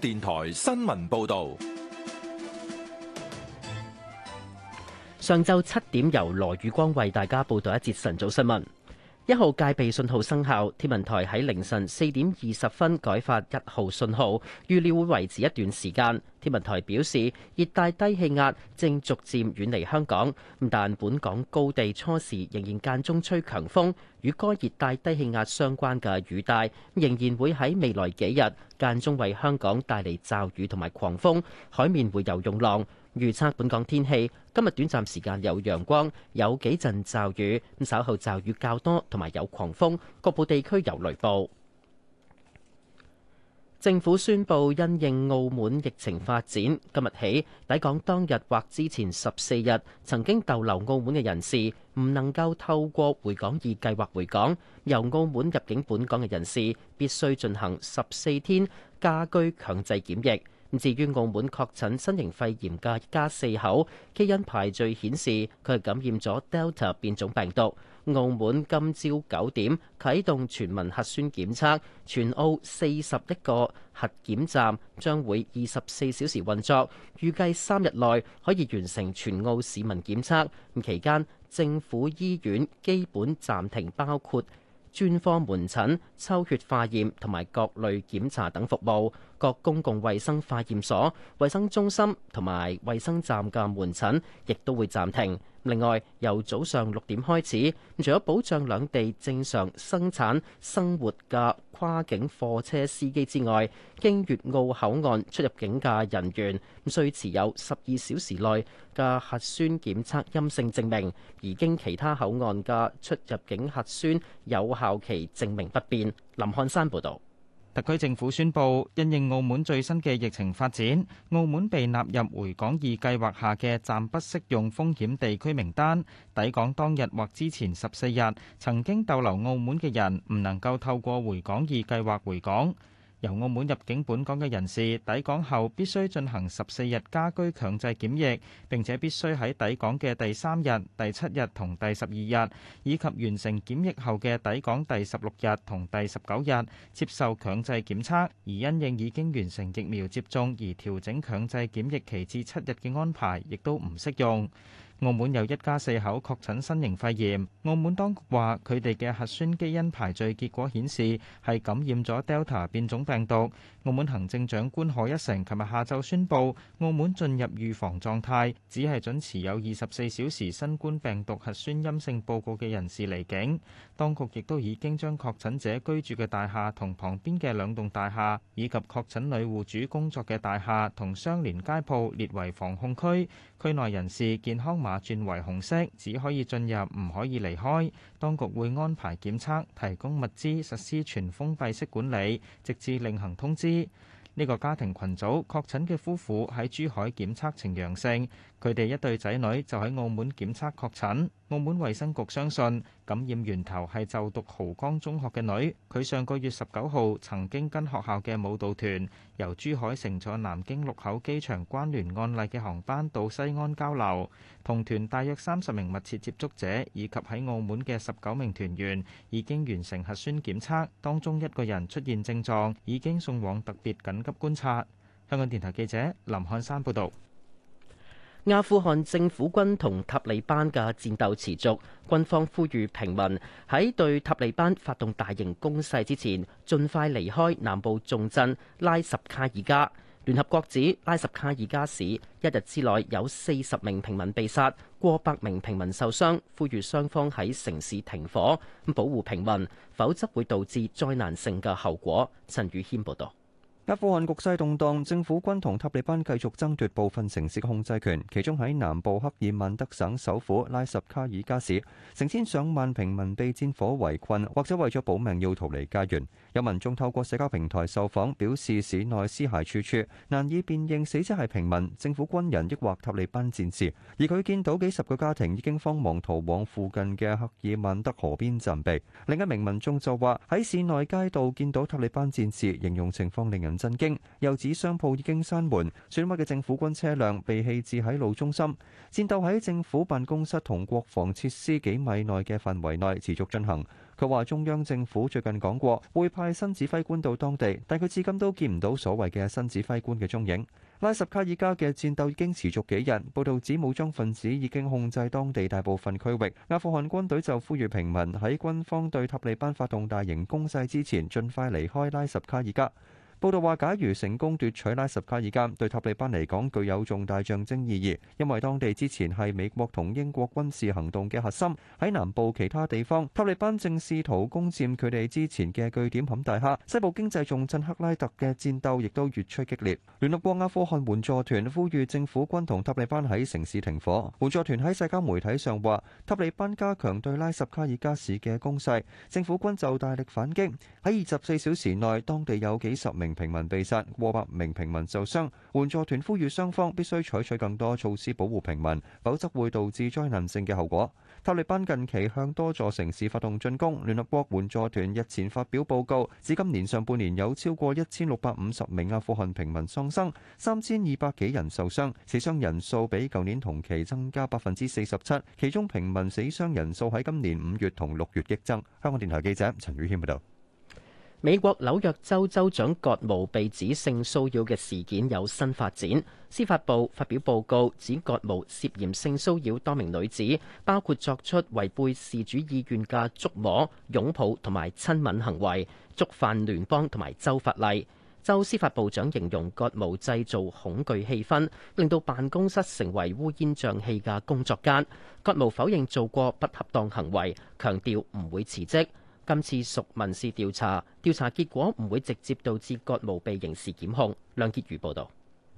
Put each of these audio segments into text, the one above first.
電台新聞報道：上晝七點，由羅宇光為大家報道一節晨早新聞。一號戒備信號生效，天文台喺凌晨四點二十分改發一號信號，預料會維持一段時間。天文台表示，熱帶低氣壓正逐漸遠離香港，但本港高地初時仍然間中吹強風，與該熱帶低氣壓相關嘅雨帶仍然會喺未來幾日間中為香港帶嚟驟雨同埋狂風，海面會有湧浪。預測本港天氣，今日短暫時間有陽光，有幾陣驟雨，咁稍後驟雨較多同埋有狂風，各部地區有雷暴。政府宣布，因應澳門疫情發展，今日起抵港當日或之前十四日曾經逗留澳門嘅人士，唔能夠透過回港易計劃回港。由澳門入境本港嘅人士，必須進行十四天家居強制檢疫。咁至於澳門確診新型肺炎嘅一家四口，基因排序顯示佢係感染咗 Delta 變種病毒。澳門今朝九點啟動全民核酸檢測，全澳四十一個核檢站將會二十四小時運作，預計三日內可以完成全澳市民檢測。期間，政府醫院基本暫停，包括專科門診、抽血化驗同埋各類檢查等服務。各公共衛生化驗所、衛生中心同埋衛生站嘅門診亦都會暫停。另外，由早上六點開始，除咗保障兩地正常生產生活嘅跨境貨車司機之外，經粵澳口岸出入境嘅人員，須持有十二小時內嘅核酸檢測陰性證明，而經其他口岸嘅出入境核酸有效期證明不變。林漢山報導。特區政府宣佈，因應澳門最新嘅疫情發展，澳門被納入回港易計劃下嘅暫不適用風險地區名單。抵港當日或之前十四日曾經逗留澳門嘅人，唔能夠透過回港易計劃回港。由澳門入境本港嘅人士抵港後必須進行十四日家居強制檢疫，並且必須喺抵港嘅第三日、第七日同第十二日，以及完成檢疫後嘅抵港第十六日同第十九日接受強制檢測，而因應已經完成疫苗接種而調整強制檢疫期至七日嘅安排，亦都唔適用。澳門有一家四口確診新型肺炎，澳門當局話佢哋嘅核酸基因排序結果顯示係感染咗 Delta 變種病毒。澳門行政長官賀一誠琴日下晝宣佈，澳門進入預防狀態，只係准持有24小時新冠病毒核酸陰性報告嘅人士離境。當局亦都已經將確診者居住嘅大廈同旁邊嘅兩棟大廈，以及確診女戶主工作嘅大廈同相連街舖列為防控區，區內人士健康轉為紅色，只可以進入，唔可以離開。當局會安排檢測、提供物資、實施全封閉式管理，直至另行通知。呢個家庭羣組確診嘅夫婦喺珠海檢測呈陽性，佢哋一對仔女就喺澳門檢測確診。澳門衛生局相信感染源頭係就讀濠江中學嘅女，佢上個月十九號曾經跟學校嘅舞蹈團由珠海乘坐南京祿口機場關聯案例嘅航班到西安交流，同團大約三十名密切接觸者以及喺澳門嘅十九名團員已經完成核酸檢測，當中一個人出現症狀，已經送往特別緊緊急觀察。香港電台記者林漢山報道：阿富汗政府軍同塔利班嘅戰鬥持續，軍方呼籲平民喺對塔利班發動大型攻勢之前，盡快離開南部重鎮拉什卡爾加。聯合國指拉什卡爾加市一日之內有四十名平民被殺，過百名平民受傷，呼籲雙方喺城市停火，保護平民，否則會導致災難性嘅後果。陳宇謙報道。阿富汗局勢動盪，政府軍同塔利班繼續爭奪部分城市嘅控制權。其中喺南部赫爾曼德省首府拉什卡爾加市，成千上萬平民被戰火圍困，或者為咗保命要逃離家園。有民眾透過社交平台受訪，表示市內屍骸處處，難以辨認死者係平民、政府軍人抑或塔利班戰士。而佢見到幾十個家庭已經慌忙逃往附近嘅赫爾曼德河邊暫避。另一名民眾就話：喺市內街道見到塔利班戰士，形容情況令人震驚，又指商鋪已經閂門，損毀嘅政府軍車輛被棄置喺路中心。戰鬥喺政府辦公室同國防設施幾米內嘅範圍內持續進行。佢話中央政府最近講過會派新指揮官到當地，但佢至今都見唔到所謂嘅新指揮官嘅蹤影。拉什卡爾加嘅戰鬥已經持續幾日，報道指武裝分子已經控制當地大部分區域。阿富汗軍隊就呼籲平民喺軍方對塔利班發動大型攻勢之前，盡快離開拉什卡爾加。報道話，假如成功奪取拉什卡爾加，對塔利班嚟講具有重大象徵意義，因為當地之前係美國同英國軍事行動嘅核心。喺南部其他地方，塔利班正試圖攻佔佢哋之前嘅據點坎大哈。西部經濟重鎮克拉特嘅戰鬥亦都越趨激烈。聯合國阿富汗援助團呼籲政府軍同塔利班喺城市停火。援助團喺社交媒體上話，塔利班加強對拉什卡爾加市嘅攻勢，政府軍就大力反擊。喺二十四小時內，當地有幾十名平民被殺，過百名平民受傷，援助團呼籲雙方必須採取更多措施保護平民，否則會導致災難性嘅後果。塔利班近期向多座城市發動進攻，聯合國援助團日前發表報告，指今年上半年有超過一千六百五十名阿富汗平民喪生，三千二百幾人受傷，死傷人數比舊年同期增加百分之四十七，其中平民死傷人數喺今年五月同六月激增。香港電台記者陳宇謙報道。美國紐約州州長葛謨被指性騷擾嘅事件有新發展，司法部發表報告指葛謨涉嫌性騷擾多名女子，包括作出違背事主意願嘅觸摸、擁抱同埋親吻行為，觸犯聯邦同埋州法例。州司法部長形容葛謨製造恐懼氣氛，令到辦公室成為烏煙瘴氣嘅工作間。葛謨否認做過不恰當行為，強調唔會辭職。今次屬民事調查，調查結果唔會直接導致葛謨被刑事檢控。梁潔如報導，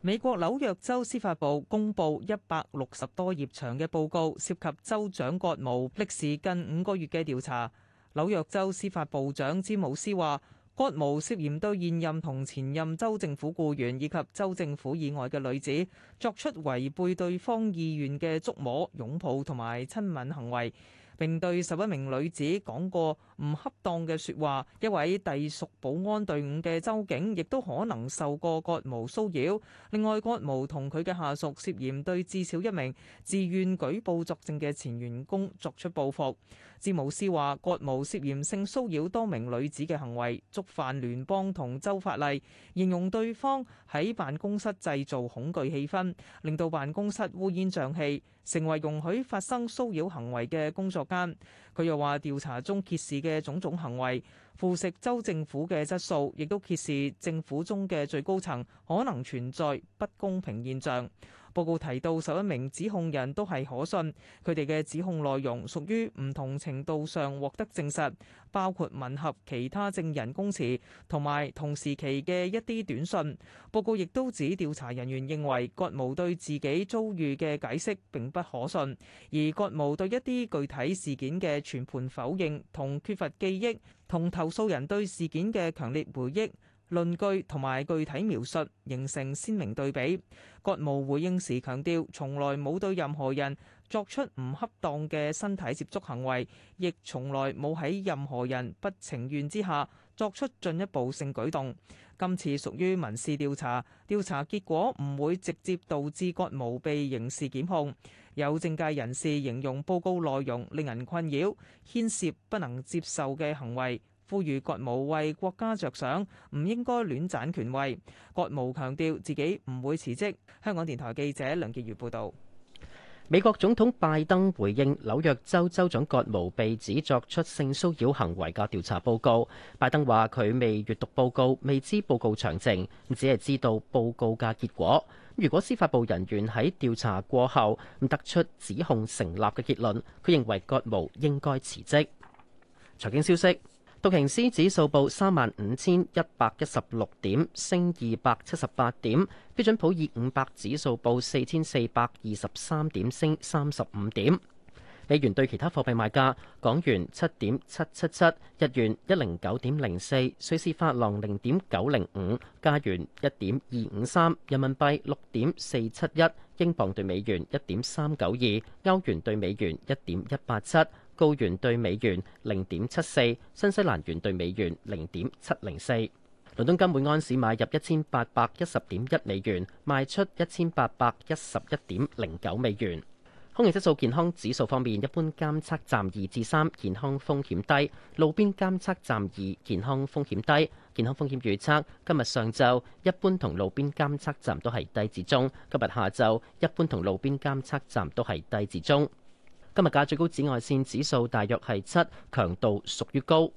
美國紐約州司法部公布一百六十多頁長嘅報告，涉及州長葛謨歷時近五個月嘅調查。紐約州司法部長詹姆斯話：葛謨涉嫌對現任同前任州政府雇員以及州政府以外嘅女子作出違背對方意願嘅觸摸、擁抱同埋親吻行為。並對十一名女子講過唔恰當嘅說話，一位隸屬保安隊伍嘅州警亦都可能受過葛謨騷擾，另外，葛謨同佢嘅下屬涉嫌對至少一名自願舉報作證嘅前員工作出報復。詹姆斯話葛謨涉嫌性騷擾多名女子嘅行為觸犯聯邦同州法例，形容對方喺辦公室製造恐懼氣氛，令到辦公室烏煙瘴氣，成為容許發生騷擾行為嘅工作間，佢又話：調查中揭示嘅種種行為，腐蝕州政府嘅質素，亦都揭示政府中嘅最高層可能存在不公平現象。報告提到十一名指控人都係可信，佢哋嘅指控內容屬於唔同程度上獲得證實，包括吻合其他證人供詞同埋同時期嘅一啲短信。報告亦都指調查人員認為葛無對自己遭遇嘅解釋並不可信，而葛無對一啲具體事件嘅全盤否認同缺乏記憶，同投訴人對事件嘅強烈回憶。論據同埋具體描述形成鮮明對比。郭某回應時強調，從來冇對任何人作出唔恰當嘅身體接觸行為，亦從來冇喺任何人不情願之下作出進一步性舉動。今次屬於民事調查，調查結果唔會直接導致郭某被刑事檢控。有政界人士形容報告內容令人困擾，牽涉不能接受嘅行為。呼籲葛謨為國家着想，唔應該戀棧權位。葛謨強調自己唔會辭職。香港電台記者梁潔如報道。美國總統拜登回應紐約州州長葛謨被指作出性騷擾行為嘅調查報告。拜登話佢未閱讀報告，未知報告詳情，只係知道報告嘅結果。如果司法部人員喺調查過後咁得出指控成立嘅結論，佢認為葛謨應該辭職。財經消息。道瓊斯指數報三萬五千一百一十六點，升二百七十八點。標準普爾五百指數報四千四百二十三點，升三十五點。美元對其他貨幣賣價：港元七點七七七，日元一零九點零四，瑞士法郎零點九零五，加元一點二五三，人民幣六點四七一，英鎊對美元一點三九二，歐元對美元一點一八七。澳元兌美元零點七四，新西蘭元兌美元零點七零四。倫敦金每安士買入一千八百一十點一美元，賣出一千八百一十一點零九美元。空氣質素健康指數方面，一般監測站二至三，健康風險低；路邊監測站二，健康風險低。健康風險預測今日上晝一般同路邊監測站都係低至中，今日下晝一般同路邊監測站都係低至中。今日嘅最高紫外線指數大約係七，強度屬於高。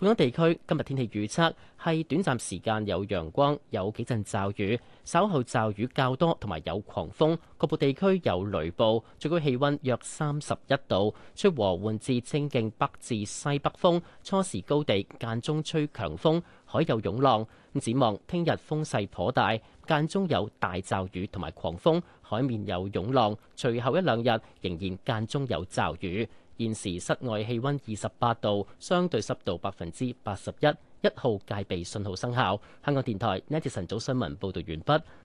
本港地區今日天氣預測係短暫時間有陽光，有幾陣驟雨，稍後驟雨較多，同埋有狂風。局部地區有雷暴，最高氣温約三十一度，吹和緩至清勁北至西北風，初時高地間中吹強風，海有湧浪。咁展望聽日風勢頗大，間中有大驟雨同埋狂風，海面有湧浪。隨後一兩日仍然間中有驟雨。現時室外氣温二十八度，相對濕度百分之八十一，一號戒備信號生效。香港電台呢一節晨早新聞報道完畢。